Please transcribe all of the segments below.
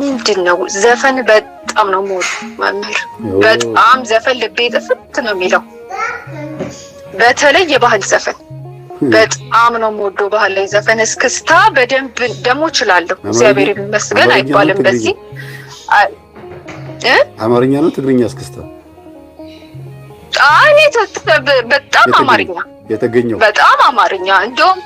ምንድን ነው ዘፈን በጣም ነው ሞድ መምህር፣ በጣም ዘፈን ልቤ ጥፍት ነው የሚለው። በተለይ የባህል ዘፈን በጣም ነው የምወደው። ባህላዊ ዘፈን እስክስታ በደንብ ደግሞ እችላለሁ። እግዚአብሔር ይመስገን አይባልም። በዚህ አማርኛ ነው ትግርኛ እስክስታ አይ በጣም አማርኛ የተገኘው በጣም አማርኛ እንደውም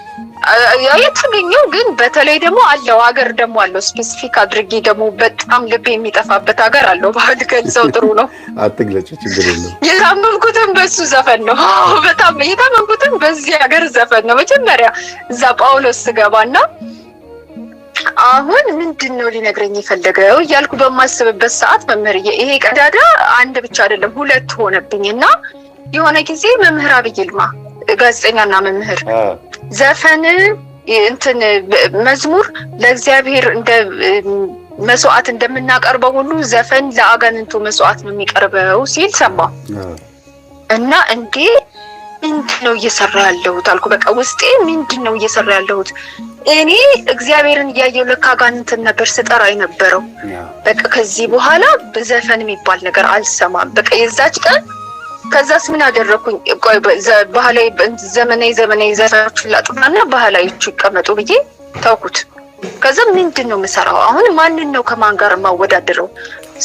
የተገኘው ግን በተለይ ደግሞ አለው ሀገር ደግሞ አለው ስፔሲፊክ አድርጌ ደግሞ በጣም ልብ የሚጠፋበት ሀገር አለው። ባህል ገልጸው ጥሩ ነው። አትግለጭ፣ ችግር የለም። የታመምኩትም በሱ ዘፈን ነው። በጣም የታመምኩትም በዚህ ሀገር ዘፈን ነው። መጀመሪያ እዛ ጳውሎስ ስገባና አሁን ምንድን ነው ሊነግረኝ የፈለገው እያልኩ በማስብበት ሰዓት መምህር፣ ይሄ ቀዳዳ አንድ ብቻ አይደለም ሁለት ሆነብኝ እና የሆነ ጊዜ መምህር አብይ ይልማ ጋዜጠኛና መምህር ዘፈን እንትን መዝሙር ለእግዚአብሔር እንደ መስዋዕት እንደምናቀርበው ሁሉ ዘፈን ለአጋንንቱ መስዋዕት ነው የሚቀርበው ሲል ሰማ እና እንዴ ምንድን ነው እየሰራ ያለሁት አልኩ። በቃ ውስጤ ምንድን ነው እየሰራ ያለሁት? እኔ እግዚአብሔርን እያየው ለካ አጋንንትን ነበር ስጠራ የነበረው። በቃ ከዚህ በኋላ ዘፈን የሚባል ነገር አልሰማም። በቃ የዛች ቀን ከዛስ ምን ያደረኩኝ ቆይ ባህላዊ ዘመናዊ ዘመናዊ ዘፈኖቹን ላጥፋና ባህላዊቹ ይቀመጡ ብዬ ታውኩት። ከዛ ምንድን ነው የምሰራው አሁን? ማንን ነው ከማን ጋር የማወዳደረው?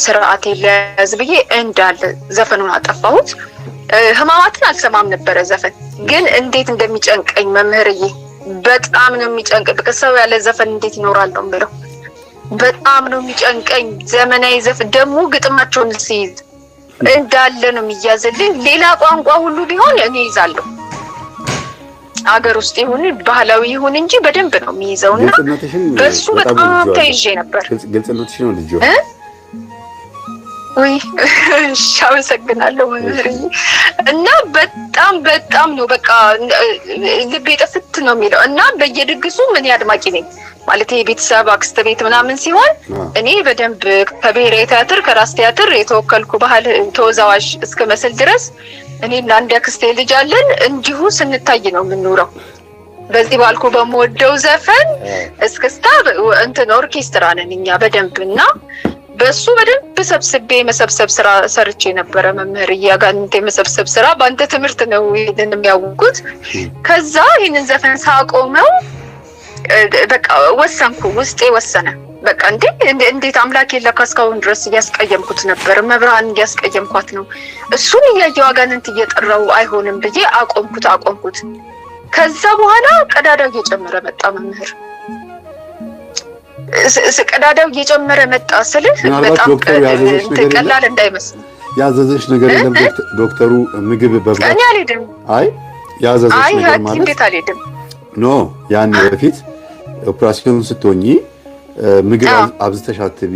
ስርዓት የለያዝ ብዬ እንዳለ ዘፈኑን አጠፋሁት። ህማማትን አልሰማም ነበረ ዘፈን ግን እንዴት እንደሚጨንቀኝ መምህርዬ፣ በጣም ነው የሚጨንቀኝ። በቃ ሰው ያለ ዘፈን እንዴት ይኖራል ነው የምለው። በጣም ነው የሚጨንቀኝ ዘመናዊ ዘፈን ደግሞ ግጥማቸውን ሲይዝ እንዳለ ነው የሚያዝልኝ። ሌላ ቋንቋ ሁሉ ቢሆን እኔ ይዛለሁ። አገር ውስጥ ይሁን ባህላዊ ይሁን እንጂ በደንብ ነው የሚይዘው እና በሱ በጣም ተይዤ ነበር። ግልጽነትሽ ነው ልጅ ወይ አመሰግናለሁ እና በጣም በጣም ነው በቃ ልቤ ጥፍት ነው የሚለው እና በየድግሱ ምን አድማቂ ነኝ ማለት የቤተሰብ አክስት ቤት ምናምን ሲሆን እኔ በደንብ ከብሔራዊ ቲያትር ከራስ ቲያትር የተወከልኩ ባህል ተወዛዋዥ እስከ መስል ድረስ እና አንድ አክስቴ ልጅ አለን። እንዲሁ ስንታይ ነው የምንኖረው። በዚህ ባልኩ በምወደው ዘፈን እስክስታ እንትን ኦርኬስትራ ነን እኛ በደንብ እና በሱ በደንብ ሰብስቤ መሰብሰብ ስራ ሰርቼ የነበረ መምህር እያጋንንት የመሰብሰብ ስራ በአንተ ትምህርት ነው ይህንን የሚያውቁት። ከዛ ይህንን ዘፈን ሳቆመው በቃ ወሰንኩ። ውስጤ ወሰነ። በቃ እንዴ እንዴት አምላክ የለ እስካሁን ድረስ እያስቀየምኩት ነበር፣ መብርሃን እያስቀየምኳት ነው። እሱን እያየው አጋንንት እየጠራው አይሆንም ብዬ አቆምኩት አቆምኩት። ከዛ በኋላ ቀዳዳው እየጨመረ መጣ መምህር ቀዳዳው እየጨመረ መጣ ስልህ በጣም ቀላል እንዳይመስል። ያዘዘሽ ነገር የለም ዶክተሩ ምግብ በብላት እኔ አልሄድም። አይ ያዘዘሽ ነገር ማለት እንዴት አልሄድም ኖ ያን በፊት ኦፕራሲዮን ስትሆኚ ምግብ አብዝተሽ አትቢ።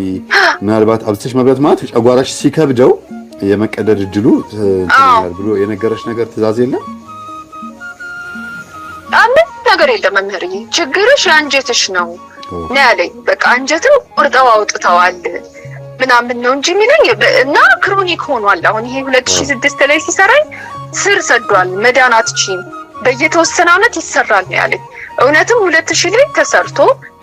ምናልባት አብዝተሽ መብላት ማለት ጨጓራሽ ሲከብደው የመቀደድ እድሉ ትናል ብሎ የነገረሽ ነገር ትእዛዝ የለም። አንድ ነገር የለም። መምህርዬ ችግርሽ አንጀትሽ ነው ነው ያለኝ። በቃ አንጀትን ቁርጠው አውጥተዋል ምናምን ነው እንጂ የሚለኝ እና ክሮኒክ ሆኗል። አሁን ይሄ ሁለት ሺህ ስድስት ላይ ሲሰራኝ ስር ሰዷል። መዳን አትችይም፣ በየተወሰነ አመት ይሰራል ነው ያለኝ። እውነትም ሁለት ሺህ ላይ ተሰርቶ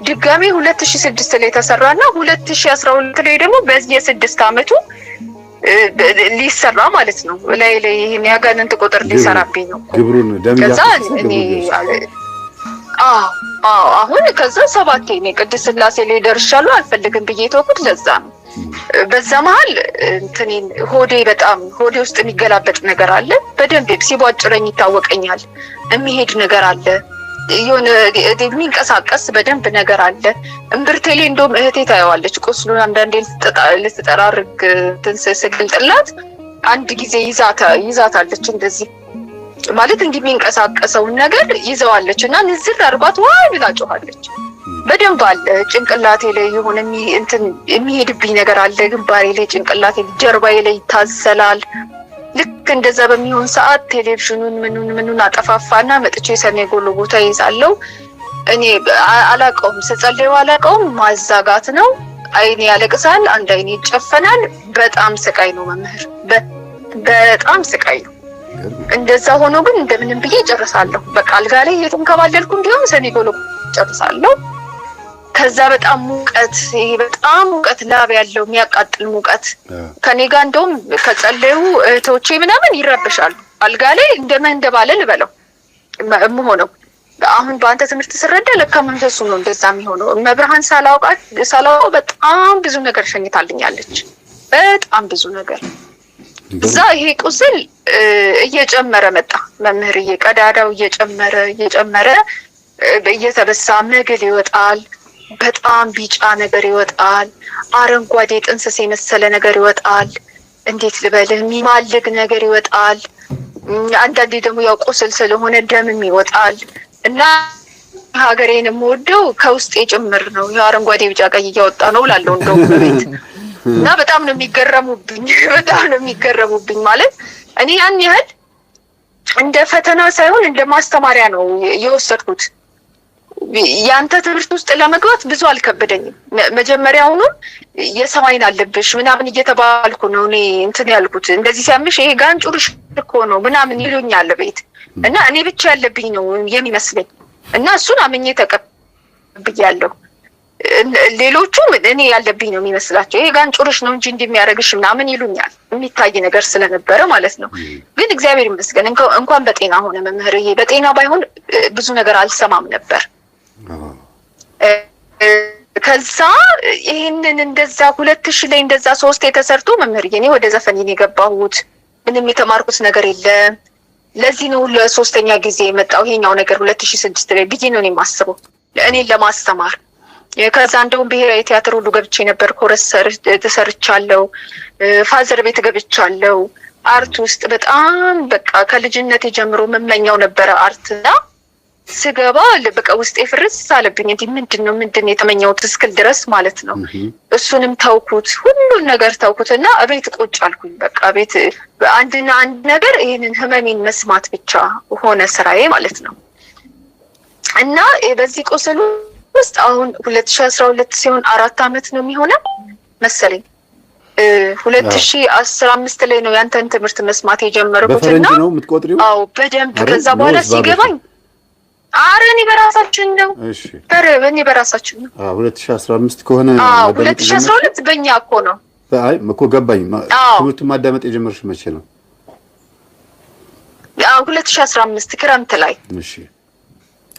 ድጋሜ ሁለት ሺህ ስድስት ላይ ተሰራና ሁለት ሺህ አስራ ሁለት ላይ ደግሞ የስድስት አመቱ ሊሰራ ማለት ነው። ላይ ላይ ይህን ያጋንንት ቁጥር ሊሰራብኝ ነው። ከዛ አሁን ከዛ ሰባቴ እኔ ቅድስት ስላሴ ላይ ደርሻለሁ አልፈልግም ብዬ የተወኩት ለዛ ነው። በዛ መሀል እንትኔን ሆዴ በጣም ሆዴ ውስጥ የሚገላበጥ ነገር አለ። በደንብ ሲቧጭረኝ ይታወቀኛል። የሚሄድ ነገር አለ የሆነ የሚንቀሳቀስ በደንብ ነገር አለ። እምብርቴ ላይ እንደውም እህቴ ታየዋለች። ቁስሉን አንዳንዴ ልትጠራርግ ትንስስግልጥላት አንድ ጊዜ ይዛታለች። እንደዚህ ማለት እንዲህ የሚንቀሳቀሰውን ነገር ይዘዋለች እና ንዝር አድርጓት ዋይ ብላ ጮኋለች። በደንብ አለ። ጭንቅላቴ ላይ የሆነ እንትን የሚሄድብኝ ነገር አለ። ግንባሬ ላይ፣ ጭንቅላቴ፣ ጀርባዬ ላይ ይታዘላል። ልክ እንደዛ በሚሆን ሰዓት ቴሌቪዥኑን ምኑን ምኑን አጠፋፋና መጥቼ ሰኔ ጎሎ ቦታ ይይዛለው። እኔ አላቀውም፣ ስጸልዩ አላቀውም። ማዛጋት ነው። አይኔ ያለቅሳል፣ አንድ አይኔ ይጨፈናል። በጣም ስቃይ ነው መምህር፣ በጣም ስቃይ ነው። እንደዛ ሆኖ ግን እንደምንም ብዬ ጨርሳለሁ። በቃ አልጋ ላይ እየተንከባለልኩ እንዲሆን ሰኔ ጎሎ ጨርሳለሁ። ከዛ በጣም ሙቀት ይሄ በጣም ሙቀት ላብ ያለው የሚያቃጥል ሙቀት ከኔ ጋር እንደውም ከጸለዩ እህቶቼ ምናምን ይረብሻሉ። አልጋ ላይ እንደምን እንደባለ ልበለው የምሆነው አሁን በአንተ ትምህርት ስረዳ ለካ መንፈሱ ነው እንደዛ የሚሆነው። መብርሃን ሳላውቃት ሳላውቀው በጣም ብዙ ነገር ሸኝታልኛለች። በጣም ብዙ ነገር እዛ ይሄ ቁስል እየጨመረ መጣ። መምህርዬ ቀዳዳው እየጨመረ እየጨመረ እየተበሳ መግል ይወጣል። በጣም ቢጫ ነገር ይወጣል። አረንጓዴ ጥንስስ የመሰለ ነገር ይወጣል። እንዴት ልበልህ? የሚማልግ ነገር ይወጣል። አንዳንዴ ደግሞ ያው ቁስል ስለሆነ ደምም ይወጣል እና ሀገሬን የምወደው ከውስጤ ጭምር ነው። አረንጓዴ ቢጫ ቀይ እያወጣ ነው ላለው እንደው በቤት እና በጣም ነው የሚገረሙብኝ። በጣም ነው የሚገረሙብኝ ማለት እኔ ያን ያህል እንደ ፈተና ሳይሆን እንደ ማስተማሪያ ነው የወሰድኩት። ያንተ ትምህርት ውስጥ ለመግባት ብዙ አልከበደኝም። መጀመሪያውኑም የሰው ዓይን አለብሽ ምናምን እየተባልኩ ነው እኔ እንትን ያልኩት። እንደዚህ ሲያምሽ ይሄ ጋንጩርሽ እኮ ነው ምናምን ይሉኛል ቤት እና እኔ ብቻ ያለብኝ ነው የሚመስለኝ እና እሱን አምኜ ተቀብያለሁ። ሌሎቹም እኔ ያለብኝ ነው የሚመስላቸው። ይሄ ጋንጩርሽ ነው እንጂ እንደሚያደርግሽ ምናምን ይሉኛል። የሚታይ ነገር ስለነበረ ማለት ነው። ግን እግዚአብሔር ይመስገን እንኳን በጤና ሆነ መምህር። ይሄ በጤና ባይሆን ብዙ ነገር አልሰማም ነበር ከዛ ይህንን እንደዛ ሁለት ሺ ላይ እንደዛ ሶስት የተሰርቶ መምህር የኔ ወደ ዘፈን የገባሁት ምንም የተማርኩት ነገር የለም። ለዚህ ነው ለሶስተኛ ጊዜ የመጣው ይሄኛው ነገር ሁለት ሺ ስድስት ላይ ብዬ ነው የማስበው እኔን ለማስተማር ከዛ እንደውም ብሔራዊ ቲያትር ሁሉ ገብቼ ነበር። ኮረስ ተሰርቻለው፣ ፋዘር ቤት ገብቻለው። አርት ውስጥ በጣም በቃ ከልጅነት ጀምሮ መመኛው ነበረ አርት እና ስገባ በቃ ውስጤ ፍርስ አለብኝ። እንዲህ ምንድን ነው ምንድን የተመኘሁት እስክል ድረስ ማለት ነው። እሱንም ተውኩት፣ ሁሉን ነገር ተውኩት እና ቤት ቁጭ አልኩኝ። በቃ ቤት አንድና አንድ ነገር ይህንን ህመሜን መስማት ብቻ ሆነ ስራዬ ማለት ነው እና በዚህ ቁስሉ ውስጥ አሁን ሁለት ሺ አስራ ሁለት ሲሆን አራት አመት ነው የሚሆነው መሰለኝ ሁለት ሺ አስራ አምስት ላይ ነው ያንተን ትምህርት መስማት የጀመርኩት እና አዎ በደንብ ከዛ በኋላ ሲገባኝ አረ እኔ በራሳችን ነው። እሺ በር እኔ በራሳችን ነው። አዎ 2015 ከሆነ 2012 በእኛ እኮ ነው። አይ እኮ ገባኝ። ትምህርቱን ማዳመጥ የጀመርሽ መቼ ነው? አዎ 2015 ክረምት ላይ። እሺ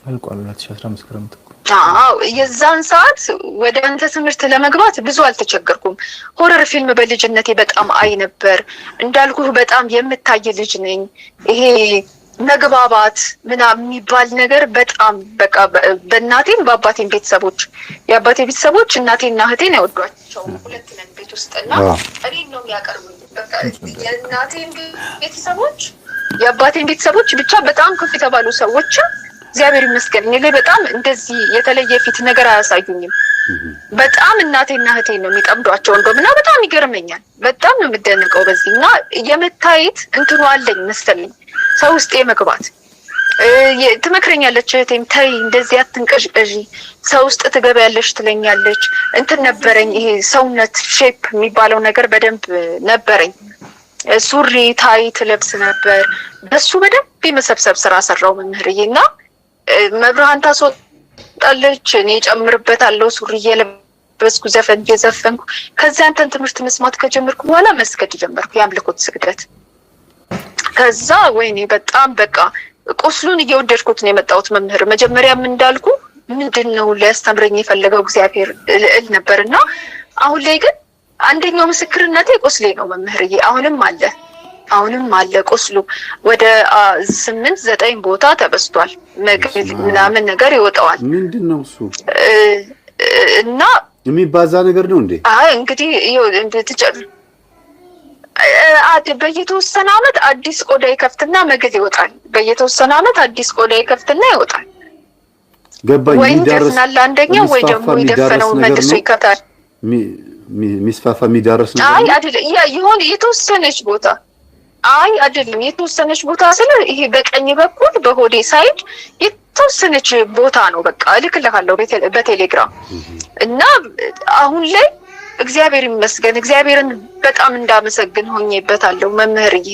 አልቋል። 2015 ክረምት። አዎ የዛን ሰዓት ወደ አንተ ትምህርት ለመግባት ብዙ አልተቸገርኩም። ሆረር ፊልም በልጅነቴ በጣም አይ ነበር። እንዳልኩህ በጣም የምታይ ልጅ ነኝ። ይሄ መግባባት ምናምን የሚባል ነገር በጣም በቃ በእናቴም በአባቴም ቤተሰቦች የአባቴ ቤተሰቦች እናቴና እህቴን አይወዷቸውም። ሁለት ነን ቤት ውስጥ እና እኔን ነው የሚያቀርቡ። የእናቴን ቤተሰቦች የአባቴን ቤተሰቦች ብቻ በጣም ከፍ የተባሉ ሰዎች እግዚአብሔር ይመስገን እኔ ላይ በጣም እንደዚህ የተለየ ፊት ነገር አያሳዩኝም። በጣም እናቴና እህቴን ነው የሚጠምዷቸው። እንደውም እና በጣም ይገርመኛል። በጣም ነው የምደንቀው በዚህ እና የመታየት እንትኑ አለኝ መሰለኝ ሰው ውስጥ የመግባት ትመክረኛለች። እህቴም ተይ እንደዚህ አትንቀዥቀዥ፣ ሰው ውስጥ ትገቢያለሽ ትለኛለች። እንትን ነበረኝ ይሄ ሰውነት ሼፕ የሚባለው ነገር በደንብ ነበረኝ። ሱሪ ታይ ትለብስ ነበር። በሱ በደንብ የመሰብሰብ ስራ ሰራው መምህርዬ እና መብርሃን ታስወጣለች። እኔ ጨምርበታለሁ ሱሪ እየለበስኩ ዘፈን እየዘፈንኩ ከዚያ አንተን ትምህርት መስማት ከጀመርኩ በኋላ መስገድ ጀመርኩ የአምልኮት ስግደት ከዛ ወይኔ በጣም በቃ ቁስሉን እየወደድኩት ነው የመጣሁት። መምህር መጀመሪያም እንዳልኩ ምንድን ነው ሊያስተምረኝ የፈለገው እግዚአብሔር ልዕል ነበር እና አሁን ላይ ግን አንደኛው ምስክርነቴ ቁስሌ ነው መምህርዬ። አሁንም አለ አሁንም አለ ቁስሉ ወደ ስምንት ዘጠኝ ቦታ ተበስቷል። መግል ምናምን ነገር ይወጣዋል። ምንድን ነው እሱ እና የሚባዛ ነገር ነው እንዴ? አይ እንግዲህ በየተወሰነ አመት አዲስ ቆዳ ይከፍትና መግዝ ይወጣል። በየተወሰነ አመት አዲስ ቆዳ ይከፍትና ይወጣል። ገባኝ። ወይ ይደፍናል አንደኛው፣ ወይ ደግሞ ይደፈነው መልሶ ይከፍታል። ሚስፋፋ የሚዳረስ ነው። አይ አይደለም፣ የሆነ የተወሰነች ቦታ አይ አይደለም፣ የተወሰነች ቦታ ስለ ይሄ በቀኝ በኩል በሆዴ ሳይድ የተወሰነች ቦታ ነው። በቃ እልክልሃለሁ በቴሌግራም እና አሁን ላይ እግዚአብሔር ይመስገን። እግዚአብሔርን በጣም እንዳመሰግን ሆኜበታለሁ መምህርዬ።